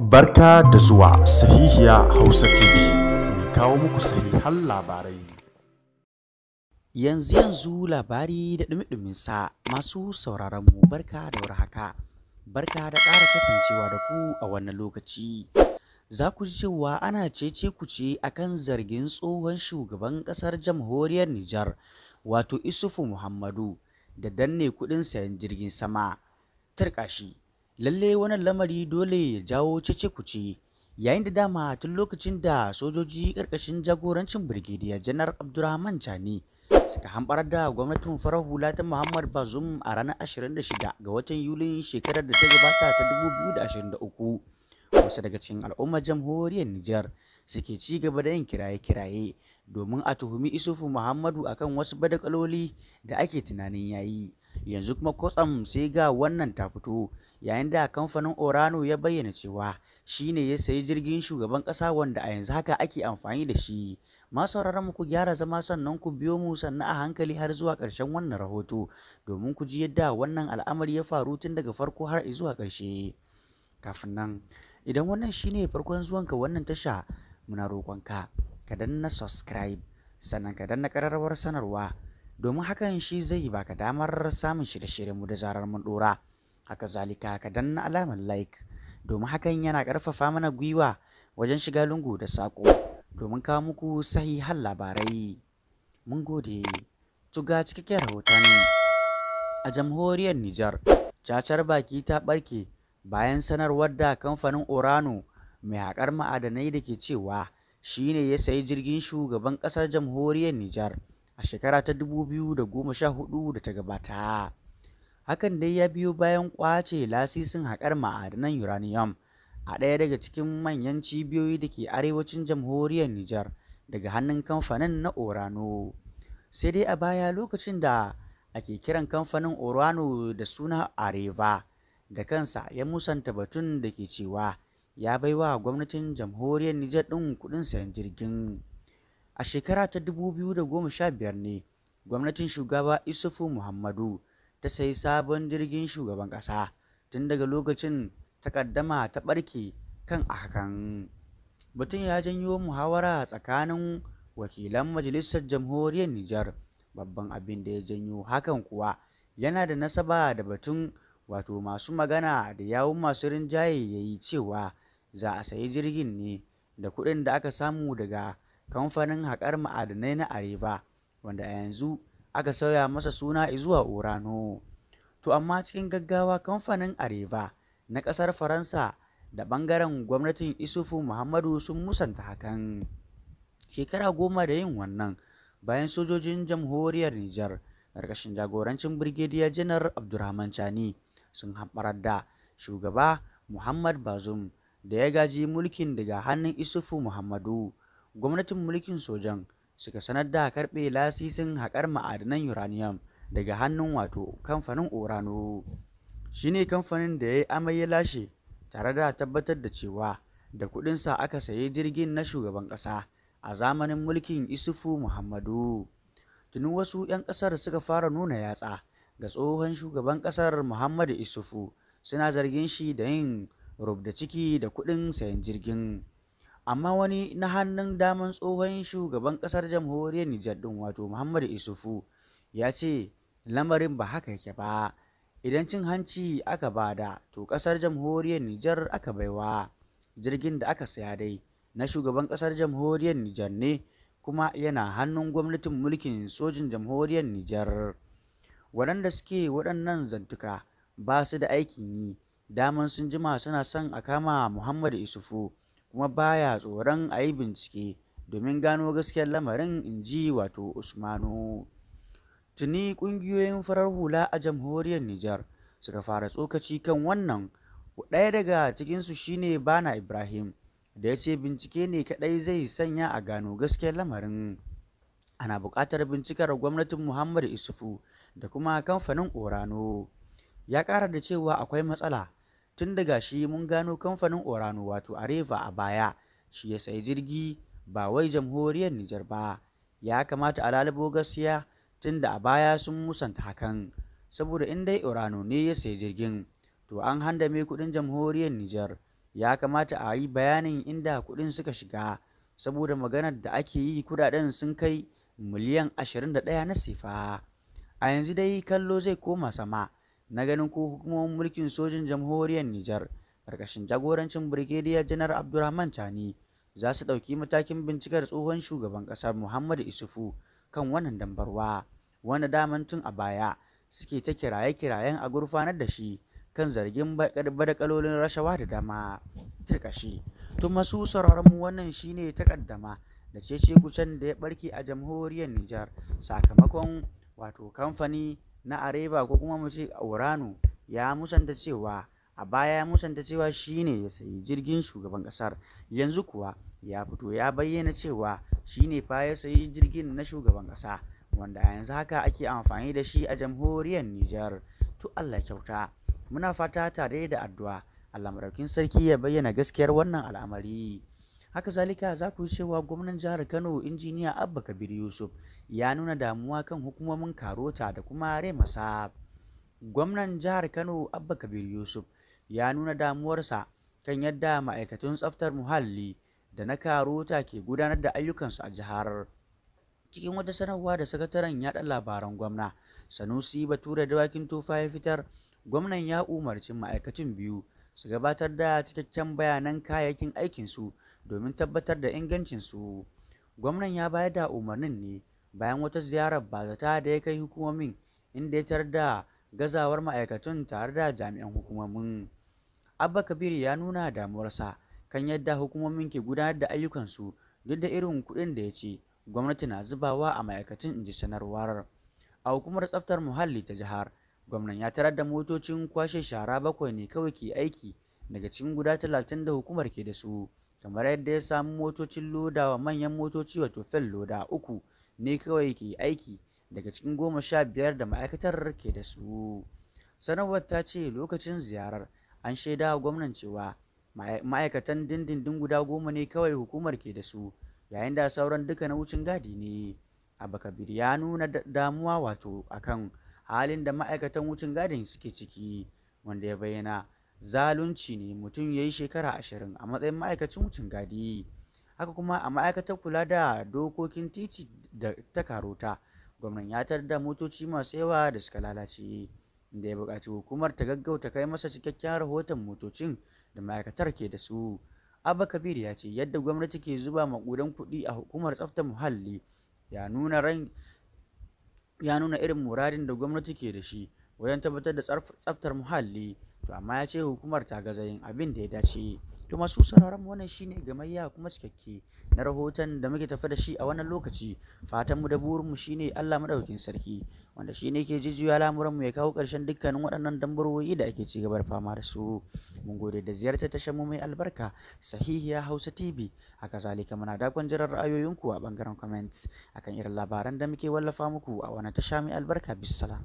Barka da zuwa sahihiya Hausa TV, mai kawo muku sahihan labarai. Yanzu yanzu labari da ɗumi sa masu sauraron barka da warhaka. Barka da ƙara kasancewa da ku a wannan lokaci. Za ku ji cewa ana cece ku ce akan zargin tsohon shugaban ƙasar jamhuriyar Nijar, wato Isufu Muhammadu, da danne kuɗin sayan jirgin sama. Tarƙashi. Lallai wannan lamari dole ya jawo cece kuce yayin da dama tun lokacin da sojoji karkashin jagorancin birgidiya janar abdurrahman jani suka hambar da gwamnatin farar hula ta muhammad bazum a ranar 26 ga watan yulin shekarar da ta gabata ta 2023 wasu daga cikin al'ummar jamhuriyar Nijar suke ci gaba da yin kiraye-kiraye domin a tuhumi Isufu Muhammadu akan wasu badakaloli da ake tunanin yayi. yanzu kuma kotsam sai ga wannan ta fito yayin da kamfanin orano ya bayyana cewa shi ne ya sayi jirgin shugaban ƙasa wanda a yanzu haka ake amfani da shi ma sauraron mu ku gyara zama sannan ku biyo mu sannan a hankali har zuwa ƙarshen wannan rahoto domin ku ji yadda wannan al'amari ya faru tun daga farko har zuwa ƙarshe kafin nan idan wannan shine farkon zuwanka wannan tasha muna roƙonka ka danna subscribe sannan ka danna ƙararrawar sanarwa domin hakan shi zai yi baka damar samun shirye-shiryenmu da zarar mun dora haka zalika ka danna alamar like domin hakan yana ƙarfafa mana gwiwa wajen shiga lungu da saƙo domin kawo muku sahihan labarai mun gode tuga cikakken rahoton a jamhuriyar Nijar cacar baki ta ɓarke bayan sanarwar da kamfanin Orano mai haƙar ma'adanai da ke cewa shine ya sayi jirgin shugaban ƙasar jamhuriyar Nijar a shekara ta 2014 da ta gabata. Hakan dai ya biyo bayan ƙwace lasisin haƙar ma'adanan uranium a ɗaya daga cikin manyan cibiyoyi da ke arewacin jamhuriyar Nijar daga hannun kamfanin na Orano. Sai dai a baya lokacin da ake kiran kamfanin Orano da suna Areva da kansa ya musanta batun da ke cewa ya baiwa gwamnatin jamhuriyar Nijar ɗin kuɗin sayan jirgin. A shekara ta 2015 ne gwamnatin shugaba Isufu Muhammadu ta sayi sabon jirgin shugaban ƙasa, tun daga lokacin takaddama ta ɓarke kan hakan. Batun ya janyo muhawara tsakanin wakilan Majalisar Jamhuriyar Nijar, babban abin da ya janyo hakan kuwa yana da nasaba da batun wato masu magana da yawun masu rinjaye ya yi cewa za a sayi jirgin ne da kuɗin da aka samu daga kamfanin haƙar ma'adinai na Areva wanda a yanzu aka sauya masa suna zuwa Orano. To amma cikin gaggawa kamfanin Areva na ƙasar Faransa da ɓangaren gwamnatin Isufu Muhammadu sun musanta hakan. Shekara goma da yin wannan bayan sojojin jamhuriyar Nijar ƙarƙashin jagorancin Birgediya Janar Abdurrahman Chani sun haɓarar da shugaba Muhammad Bazum da ya gaji mulkin daga hannun Isufu Muhammadu. gwamnatin mulkin sojan suka sanar da karɓe lasisin haƙar ma'adanan uranium daga hannun wato kamfanin orano shine kamfanin da ya yi amai lashe tare da tabbatar da cewa da kuɗinsa aka sayi jirgin na shugaban ƙasa a zamanin mulkin isufu muhammadu tuni wasu 'yan ƙasar suka fara nuna yatsa ga tsohon shugaban ƙasar muhammadu isufu suna zargin shi da yin rubda ciki da kuɗin sayan jirgin amma wani na hannun daman tsohon shugaban ƙasar jamhuriyar Nijar ɗin wato Muhammadu Isufu ya ce lamarin ba haka yake ba idan cin hanci aka bada to ƙasar jamhuriyar Nijar aka baiwa jirgin da aka saya dai na shugaban ƙasar jamhuriyar Nijar ne kuma yana hannun gwamnatin mulkin sojin jamhuriyar Nijar waɗanda suke waɗannan zantuka ba su da aikin yi daman sun jima suna son a kama Muhammadu Isufu kuma baya tsoron a yi bincike domin gano gaskiyar lamarin in ji wato usmanu tuni ƙungiyoyin farar hula a jamhuriyar nijar suka fara tsokaci kan wannan ɗaya daga cikinsu shine bana ibrahim da ya ce bincike ne kaɗai zai sanya a gano gaskiyar lamarin ana buƙatar bincikar gwamnatin Muhammadu isufu da kuma kamfanin orano ya ƙara da cewa akwai matsala tun daga shi mun gano kamfanin Orano wato Areva a baya shi ya sayi jirgi ba wai jamhuriyar Nijar ba ya kamata a Lalibo gaskiya tun da a baya sun musanta hakan saboda in dai Orano ne ya sayi jirgin to an handame kuɗin jamhuriyar Nijar ya kamata a yi bayanin inda kuɗin suka shiga saboda maganar da ake yi kudaden sun kai miliyan 21 na sifa a yanzu dai kallo zai koma sama na ganin ko hukumomin mulkin sojin jamhuriyar Nijar ƙarƙashin jagorancin Brigadier Janar Abdulrahman Tani za su ɗauki matakin bincikar tsohon shugaban ƙasar Muhammadu Isufu kan wannan dambarwa wanda daman tun a baya suke ta kiraye-kirayen a gurfanar da shi kan zargin badakalolin rashawa da dama turkashi tun masu mu wannan shine takaddama da ce-ce kucen da ya barke a jamhuriyar Nijar sakamakon wato kamfani na Areba ko kuma mu ce Urano ya musanta cewa a baya ya musanta cewa shi ne ya sayi jirgin shugaban ƙasar yanzu kuwa ya fito ya bayyana cewa shi ne fa ya sayi jirgin na shugaban ƙasa wanda a yanzu haka ake amfani da shi a jamhuriyar Nijar to Allah kyauta muna fata tare da addu'a Allah sarki ya bayyana gaskiyar wannan al'amari haka zalika za ku yi cewa gwamnan jihar kano injiniya abba kabir yusuf ya nuna damuwa kan hukumomin karota da kuma remasa gwamnan jihar kano abba kabir yusuf ya nuna damuwarsa kan yadda ma'aikatun tsaftar muhalli da na karota ke gudanar da ayyukansu a jihar cikin wata sanarwa da sakataren yaɗa labaran gwamna sanusi bature dawakin tofa ya fitar gwamnan ya umarci ma'aikatun biyu su gabatar da cikakken bayanan kayayyakin aikinsu domin tabbatar da ingancinsu. Gwamnan ya bayar da umarnin ne bayan wata ziyarar bazata da ya kai hukumomin inda ya tar da gazawar ma'aikatun tare da jami'an hukumomin. Abba Kabir ya nuna damuwarsa kan yadda hukumomin ke gudanar da ayyukansu duk da irin kuɗin da ya ce gwamnati na zubawa a ma'aikatun inji sanarwar. A hukumar tsaftar muhalli ta jihar Gwamnan ya tarar da motocin kwashe shara bakwai ne kawai ke aiki daga cikin guda talatin da hukumar ke da su, kamar yadda ya samu motocin loda wa manyan motoci wato fel loda uku ne kawai ke aiki daga cikin goma sha biyar da ma'aikatar ke da su. Sanarwar ta ce lokacin ziyarar an shaida wa gwamnan cewa ma'aikatan dindindin guda goma ne kawai hukumar ke da su yayin da sauran duka na wucin gadi ne. Abba Kabir ya nuna damuwa wato akan halin da ma'aikatan wucin gadin suke ciki wanda ya bayyana zalunci ne mutum ya yi shekara ashirin a matsayin ma'aikacin wucin gadi haka kuma a ma'aikatar kula da dokokin titi da ta karota gwamnan ya tar da motoci masu yawa da suka lalace da ya buƙaci hukumar ta gaggauta kai masa cikakken rahoton motocin da ma'aikatar ke da su abba kabir ya ce yadda gwamnati ke zuba maƙudan kuɗi a hukumar tsaftar muhalli ya nuna ran ya nuna irin muradin da gwamnati ke da shi wajen tabbatar da tsaftar muhalli to amma ya ce hukumar ta gaza yin abin da ya dace To masu sauraron mu wannan shine gamayya kuma cikakke na rahoton da muke tafi da shi a wannan lokaci. Fatan mu da burinmu shine Allah madaukakin sarki wanda shine ke jijiya al'amuran mu ya kawo ƙarshen dukkanin waɗannan dambaroyi da ake ci gaba da fama da su. Mun gode da ziyartar ta mu mai albarka Sahihiya Hausa TV. Haka zalika muna dakon jiran ra'ayoyinku a ɓangaren comments akan irin labaran da muke wallafa muku a wannan tasha mai albarka bisalam.